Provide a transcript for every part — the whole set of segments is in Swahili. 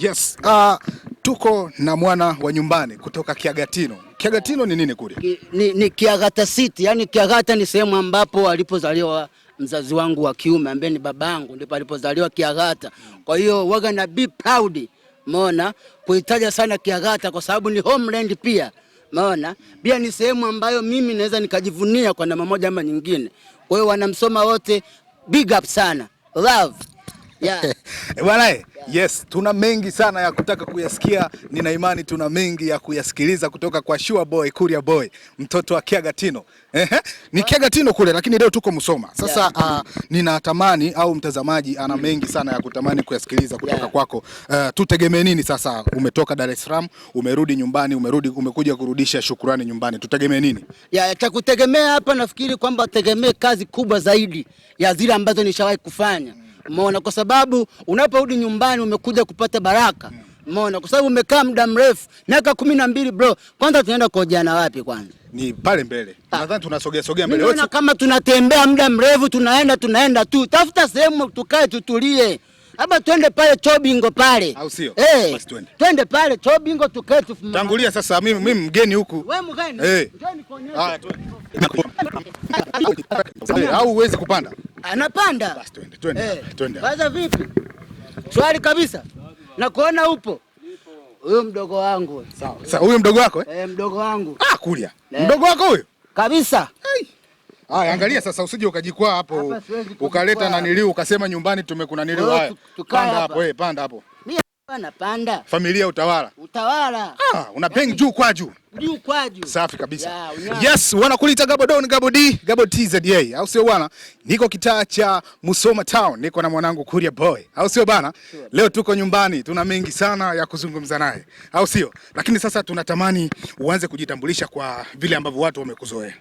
Yes, uh, tuko na mwana wa nyumbani kutoka Kiagatino. Kiagatino ni nini kule? Ki, ni, ni Kiagata City, yani Kiagata ni sehemu ambapo alipozaliwa mzazi wangu wa kiume ambaye ni babangu, ndipo alipozaliwa Kiagata. Kwa hiyo waga na be proud, umeona kuitaja sana Kiagata kwa sababu ni homeland pia, umeona pia ni sehemu ambayo mimi naweza nikajivunia kwa namna moja ama nyingine. Kwa hiyo wanamsoma wote, big up sana, love Yeah. Bwana, yes, tuna mengi sana ya kutaka kuyasikia. Nina imani tuna mengi ya kuyasikiliza kutoka kwa Sure Boy, Kuria Boy, mtoto wa Kiagatino. Ehe, ni Kiagatino kule lakini leo tuko Musoma. Sasa yeah. Uh, ninatamani au mtazamaji ana mengi sana ya kutamani kuyasikiliza kutoka yeah. kwako. Uh, tutegemee nini sasa? Umetoka Dar es Salaam, umerudi nyumbani, umerudi umekuja kurudisha shukurani nyumbani. Tutegemee nini? Yeah, cha kutegemea hapa nafikiri kwamba tegemee kazi kubwa zaidi ya zile ambazo nishawahi kufanya. Umeona, kwa sababu unaporudi nyumbani umekuja kupata baraka. Umeona, kwa sababu umekaa muda mrefu, miaka kumi na mbili bro. Kwanza tunaenda kuojeana wapi kwanza? Ni pale mbele. Nadhani tunasogea sogea mbele wote. Kama tunatembea muda mrefu, tunaenda tunaenda tu, tafuta sehemu tukae, tutulie. Aba twende pale Chobingo pale. Au sio? Eh. Basi twende. Twende pale Chobingo tuketi tufumu. Tangulia sasa mimi mimi mgeni huku. Wewe mgeni? Eh. Njoni kuonyesha. Ah. Au uweze kupanda? Anapanda. Basi twende, twende. Eh. Twende. Baza vipi? Swali kabisa. Na kuona upo. Huyo mdogo wangu. Sawa. Sawa, huyo mdogo wako eh? Eh, mdogo wangu. Ah, kulia. Hey. Eh. Mdogo wako huyo? Kabisa. Ah, angalia sasa usije ukajikwaa hapo ukaleta nanili ukasema nyumbani tumekuna nili. Haya, panda hapo eh, panda hapo. Mimi bwana panda. Familia utawala. Utawala. Ah, una peng juu kwa juu. Juu kwa juu. Safi kabisa. Yeah, yes, wanakuita Gabo Don, Gabo D, Gabo TZA. Au sio bwana? Niko kitaa cha Musoma Town, niko na mwanangu Kuria Boy. Au sio bwana? Sure. Leo tuko nyumbani, tuna mengi sana ya kuzungumza naye. Au sio? Lakini sasa tunatamani uanze kujitambulisha kwa vile ambavyo watu wamekuzoea.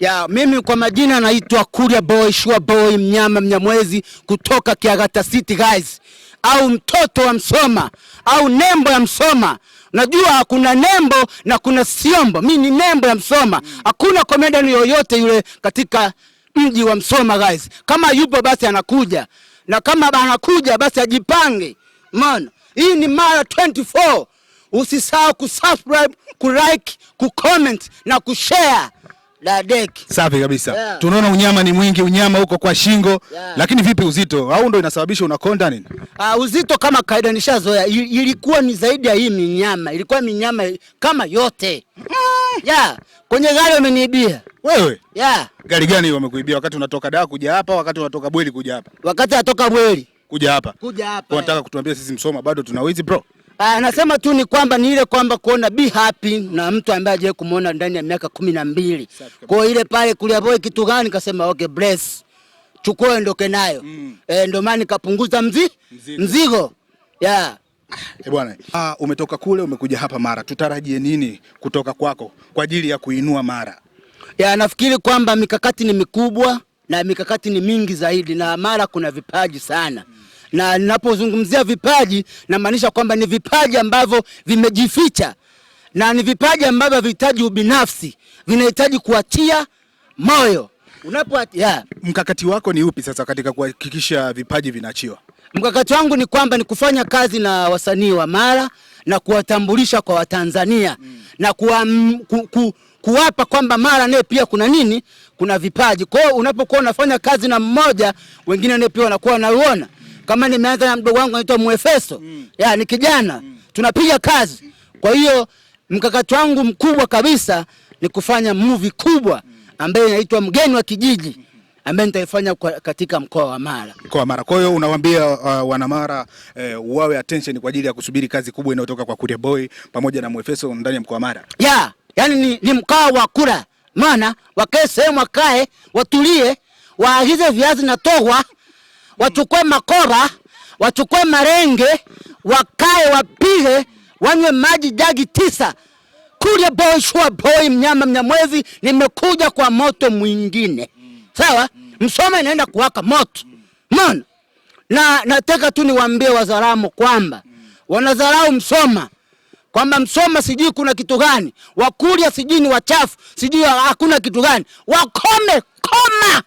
Ya, mimi kwa majina naitwa Kuria Boy, Shua Boy, mnyama mnyamwezi kutoka Kiagata City guys, au mtoto wa Msoma au nembo ya Msoma. Najua kuna nembo na kuna siombo, Mimi ni nembo ya Msoma. Hakuna komedian yoyote yule katika mji wa Msoma guys, kama yupo basi anakuja, na kama anakuja basi ajipange, maana hii ni mara 24. Usisahau kusubscribe, kulike, kucomment na kushare la deck. Safi kabisa yeah. Tunaona unyama ni mwingi, unyama huko kwa shingo yeah. Lakini vipi uzito, au ndo inasababisha unakonda nini? Uh, uzito kama kaida nishazoea, ilikuwa ni zaidi ya hii minyama, ilikuwa minyama kama yote mm. yeah. Kwenye gari wameniibia wewe yeah. Gari gani wamekuibia? Wakati unatoka daa kuja hapa, wakati unatoka bweli kuja hapa, wakati natoka bweli kuja hapa, kuja hapa, unataka kutuambia sisi Msoma bado tuna wizi bro? Anasema ah, tu ni kwamba ni ile kwamba kuona be happy na mtu ambaye hajawahi kumuona ndani ya miaka kumi na mbili. Kwa hiyo ile pale kulia boy kitu gani kasema okay bless. Chukua ondoke nayo. Mm. Eh, ndio maana nikapunguza mzi, mzigo. Mzigo. Yeah. Eh, bwana. Ah, umetoka kule umekuja hapa Mara. Tutarajie nini kutoka kwako kwa ajili ya kuinua Mara? Ya, nafikiri kwamba mikakati ni mikubwa na mikakati ni mingi zaidi na Mara kuna vipaji sana. Mm na ninapozungumzia vipaji namaanisha kwamba ni vipaji ambavyo vimejificha na ni vipaji ambavyo havihitaji ubinafsi, vinahitaji kuatia moyo unapo yeah. Mkakati wako ni upi sasa katika kuhakikisha vipaji vinaachiwa? Mkakati wangu ni kwamba ni kufanya kazi na wasanii wa Mara na kuwatambulisha kwa Watanzania mm. na kuwa, m, mm, ku, ku, kuwapa kwamba Mara naye pia kuna nini, kuna vipaji. Kwa hiyo unapokuwa unafanya kazi na mmoja, wengine naye pia wanakuwa wanauona kama nimeanza na mdogo wangu anaitwa Mwefeso mm. ya ni kijana mm. tunapiga kazi. Kwa hiyo mkakati wangu mkubwa kabisa ni kufanya movie kubwa mm. ambayo inaitwa Mgeni wa Kijiji ambaye nitaifanya katika mkoa wa Mara. Mkoa wa Mara. Kwa hiyo unawaambia uh, wanamara eh, uh, wawe attention kwa ajili ya kusubiri kazi kubwa inayotoka kwa Kuria Boy pamoja na Mwefeso ndani ya mkoa wa Mara. Yeah, yani ni, ni mkaa wa kura maana wakae sehemu, wakae watulie, waagize viazi na towa wachukue makoba, wachukue marenge, wakae, wapige, wanywe maji jagi tisa. kule boy shua boy, mnyama mnyamwezi, nimekuja kwa moto mwingine. Sawa, Msoma inaenda kuwaka moto mona, na nataka tu niwaambie Wazaramo kwamba wanadharau Msoma kwamba Msoma sijui kuna kitu gani, Wakuria sijui ni wachafu, sijui hakuna kitu gani. Wakome, koma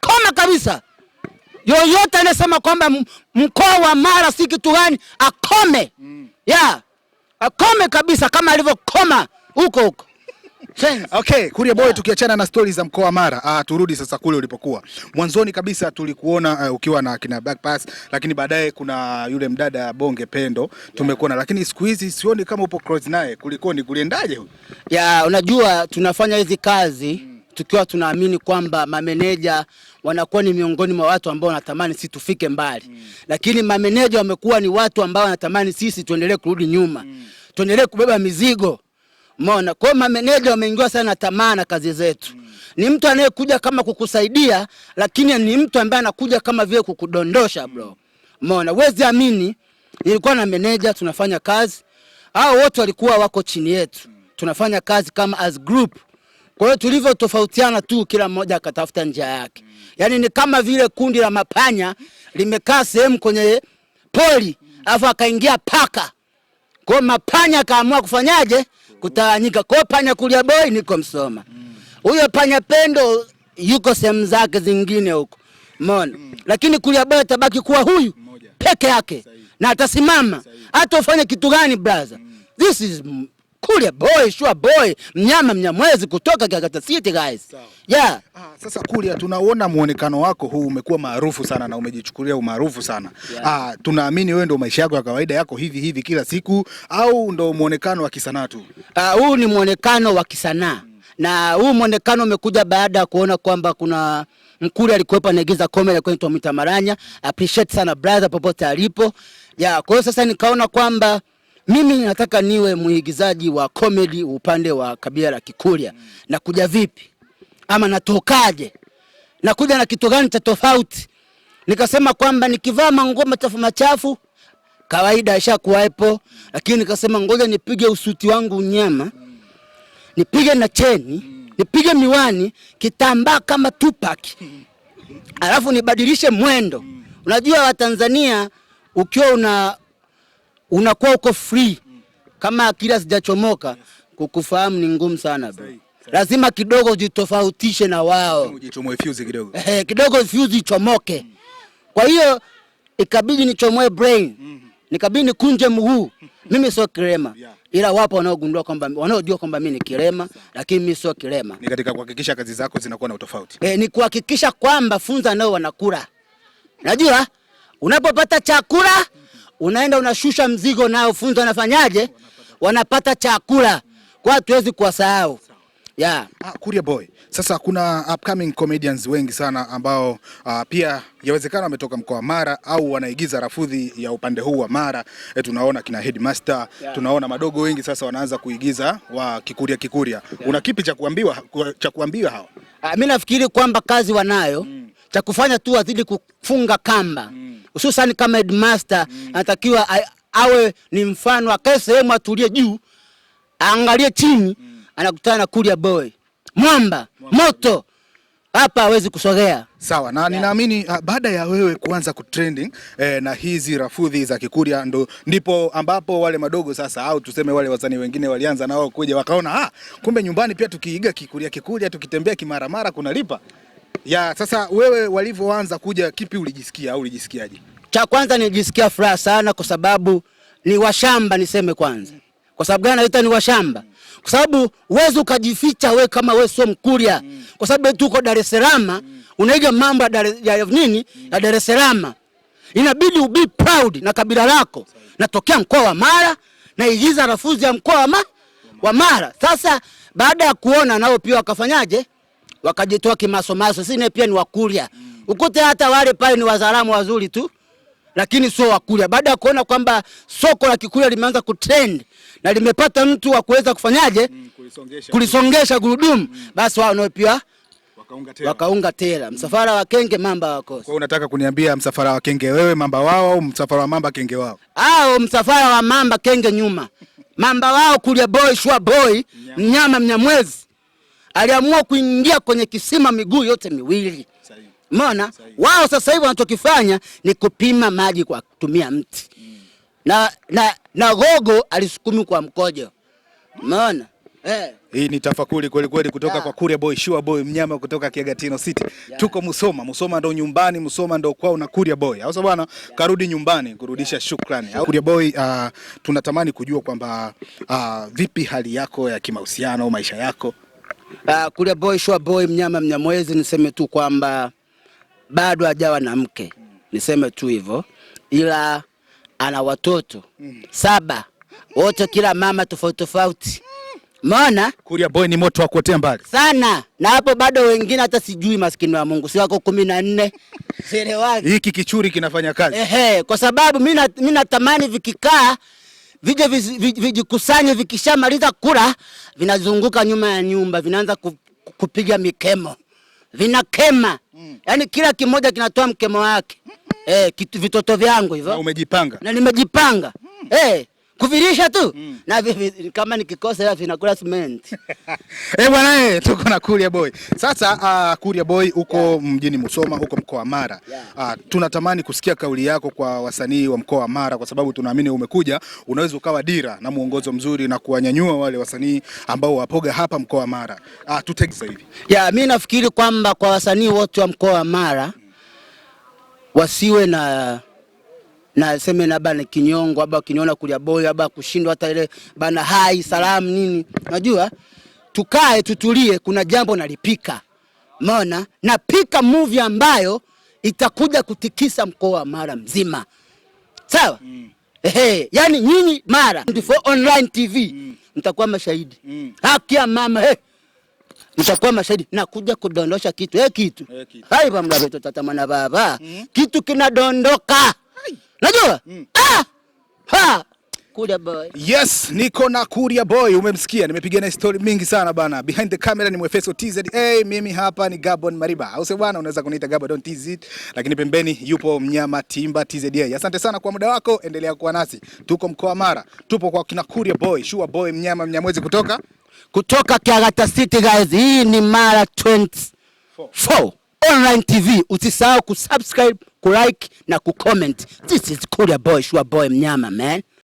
koma kabisa. Yoyote anasema kwamba mkoa wa Mara si kitu gani, akome mm. yeah. akome kabisa kama alivyokoma huko huko. Okay, Kuria Boy, tukiachana na stori za mkoa wa Mara, ah, turudi sasa kule ulipokuwa mwanzoni kabisa. Tulikuona uh, ukiwa na kina back Pass, lakini baadaye kuna yule mdada Bonge Pendo tumekuona, lakini siku hizi sioni kama upo cross naye, kulikoni? Kuliendaje huyo? Ya, unajua tunafanya hizi kazi mm tukiwa tunaamini kwamba mameneja wanakuwa ni miongoni mwa watu ambao wanatamani sisi tufike mbali mm. Lakini mameneja wamekuwa ni watu ambao wanatamani sisi tuendelee kurudi nyuma mm. Tuendelee kubeba mizigo Umeona, kwa mameneja wameingiwa sana na tamaa na kazi zetu mm. Ni mtu anayekuja kama kukusaidia, lakini ni mtu ambaye anakuja kama vile kukudondosha mm. bro. Umeona, wezi amini, nilikuwa na meneja tunafanya kazi, hao wote walikuwa wako chini yetu, mm. tunafanya kazi kama as group kwa hiyo tulivyotofautiana tu, kila mmoja akatafuta njia yake. Yaani ni kama vile kundi la mapanya limekaa sehemu kwenye poli, alafu akaingia paka. Kwa hiyo mapanya akaamua kufanyaje? Kutawanyika. Kwa hiyo panya kulia boy niko Msoma. Huyo panya Pendo yuko sehemu zake zingine huko. Umeona? Lakini kulia boy atabaki kuwa huyu peke yake na atasimama hata ufanye kitu gani brother. This is Kulia boy, shua boy, mnyama mnyamwezi kutoka Gagata City guys. Yeah. Ah, sasa Kulia, tunaona muonekano wako huu umekuwa maarufu sana na umejichukulia umaarufu sana. Yeah. Ah, tunaamini wewe ndio maisha yako ya kawaida yako hivi hivi kila siku au ndio muonekano wa kisanaa tu? Ah, huu ni muonekano wa kisanaa. Na huu muonekano umekuja baada ya kuona kwamba kuna Mkulia alikuwepo anaigiza comedy kwenye Twamwita Maranya. Appreciate sana brother popote alipo. Yeah, kwa hiyo sasa nikaona kwamba mimi nataka niwe mwigizaji wa comedy upande wa kabila la Kikurya. Nakuja vipi ama natokaje? Nakuja na kitu gani cha tofauti? Nikasema kwamba nikivaa manguo machafu machafu kawaida ishakuwepo, lakini nikasema ngoja nipige usuti wangu nyama, nipige na cheni, nipige miwani, kitambaa kama Tupac, alafu nibadilishe mwendo. Unajua Watanzania ukiwa una unakuwa uko free kama akili sijachomoka kukufahamu ni ngumu sana bro. Lazima kidogo ujitofautishe na wao, ujichomoe fuse kidogo, eh, kidogo fuse ichomoke. Kwa hiyo ikabidi nichomoe brain, nikabidi nikunje mguu. Mimi sio kirema, ila wapo wanaogundua kwamba wanaojua kwamba mimi ni kirema, lakini mimi sio kirema. Ni katika kuhakikisha kazi zako zinakuwa na utofauti eh, ni kuhakikisha kwamba funza nao wanakula. Najua unapopata chakula mm unaenda unashusha mzigo, na wafunzi wanafanyaje? Wanapata chakula. Kwa hatuwezi kuwasahau yeah. Ah, Kuria Boy, sasa kuna upcoming comedians wengi sana ambao ah, pia yawezekana wametoka mkoa wa Mara au wanaigiza rafudhi ya upande huu wa Mara. E, tunaona kina Headmaster yeah. Tunaona madogo wengi sasa wanaanza kuigiza wa Kikuria Kikuria yeah. Una kipi cha kuambiwa cha kuambiwa hawa? Ah, mimi nafikiri kwamba kazi wanayo mm. Cha kufanya tu wazidi kufunga kamba mm hususan kama headmaster mm. anatakiwa awe ni mfano, akae sehemu, atulie juu, aangalie chini mm. anakutana na kulia boy mwamba, moto hapa hawezi kusogea sawa, na yeah. Ninaamini ah, baada ya wewe kuanza kutrending eh, na hizi rafudhi za Kikurya ndo ndipo ambapo wale madogo sasa, au tuseme wale wasanii wengine walianza nao kuja wakaona, ah, kumbe nyumbani pia tukiiga Kikurya Kikurya tukitembea kimaramara kunalipa. Ya, sasa wewe walivyoanza kuja kipi ulijisikia au ulijisikiaje? Cha kwanza nilijisikia furaha sana kwa sababu ni washamba niseme kwanza. Kwa sababu gani naita ni washamba? Kwa sababu uwezo ukajificha we kama wewe sio Mkurya. Kwa sababu tu uko Dar es Salaam, unaiga mambo ya nini? Ya Dar es Salaam. Inabidi u be proud na kabila lako. Natokea mkoa wa Mara na igiza rafuzi ya mkoa wa Mara. Sasa baada ya kuona nao pia wakafanyaje? wakajitoa kimasomaso. Sisi pia ni Wakurya, ukute hata wale pale ni wazalamu wazuri tu, lakini sio Wakurya. Baada ya kuona kwamba soko la Kikurya limeanza kutrend na limepata mtu wa kuweza kufanyaje, mm, kulisongesha, kulisongesha gurudumu, mm. basi wao nao pia wakaunga tela, wakaunga tela. Msafara wa kenge mamba wakosa. Kwa unataka kuniambia msafara wa kenge wewe mamba wao au msafara wa mamba kenge wao? Au msafara wa mamba kenge nyuma mamba wao Kurya boy shwa boy mnyama mnyamwezi aliamua kuingia kwenye kisima miguu yote miwili. mona wao sasa hivi wanachokifanya ni kupima maji kwa kutumia mti mm. na, na, na gogo alisukumi kwa mkojo. mona eh. Hii ni tafakuri kweli kweli kutoka yeah. kwa Kuria Boy, Sure Boy, mnyama kutoka Kiagatino City yeah. Tuko Musoma, Musoma ndo nyumbani, Musoma ndo kwao na Kuria Boy, au sawa bwana yeah. Karudi nyumbani kurudisha yeah. shukrani yeah. Kuria Boy, uh, tunatamani kujua kwamba uh, vipi hali yako ya kimahusiano, maisha yako Uh, kule boy shua boy mnyama mnyamwezi, niseme tu kwamba bado hajawa na mke, niseme tu hivyo, ila ana watoto saba, wote kila mama tofauti tofauti. Maona Kuria boy ni moto wa kuotea mbali sana, na hapo bado wengine hata sijui, maskini wa Mungu, si wako kumi na nne hiki kichuri kinafanya kazi ehe, kwa sababu mimi natamani vikikaa vije vijikusanye, vikishamaliza kula vinazunguka nyuma ya nyumba, vinaanza kupiga mikemo, vinakema mm. Yaani kila kimoja kinatoa mkemo wake mm -hmm. Eh, kitu, vitoto vyangu hivyo. Na umejipanga na nimejipanga mm. Eh, kuvirisha tu mm. na kama nikikosa ya vinakula cement eh bwana eh, tuko na Kuria Boy sasa. Uh, Kuria Boy uko yeah. mjini Musoma huko mkoa wa Mara yeah. Uh, tunatamani kusikia kauli yako kwa wasanii wa mkoa wa Mara kwa sababu tunaamini umekuja, unaweza ukawa dira na mwongozo mzuri na kuwanyanyua wale wasanii ambao wapoga hapa mkoa wa Mara. Uh, tutege sasa hivi yeah, mimi nafikiri kwamba kwa wasanii wote wa mkoa wa Mara wasiwe na na aseme labda ni kinyongo labda kinyona kulia boy labda kushindwa hata ile bana hai salamu nini, unajua tukae tutulie, kuna jambo nalipika. Umeona, napika movie ambayo itakuja kutikisa mkoa wa Mara mzima, sawa mm. Ehe, yani nyinyi Mara 24 mm. online TV mm. mtakuwa mashahidi mm. haki ya mama hey. Eh. Nitakuwa mashahidi nakuja kudondosha kitu hey, eh, kitu hey, eh, kitu tatamana baba, mm. kitu kinadondoka Najua? Mm. Ah! Ha! Kuria boy. Yes, niko na Kuria boy, umemsikia. Nimepiga na story mingi sana bana. Behind the camera ni Mwefeso TZ. Hey, mimi hapa ni Gabon Mariba. Au sio bwana, unaweza kuniita Gabon TZ, lakini pembeni yupo mnyama Timba TZA. Asante sana kwa muda wako, endelea kuwa nasi. Tuko mkoa Mara. Tupo kwa kina Kuria boy, Shua boy, mnyama mnyamwezi kutoka kutoka Kiagata City guys. Hii ni Mara 24. Online TV usisahau kusubscribe, kulike na kucomment. This is Kuria Boy, Shua Boy mnyama man.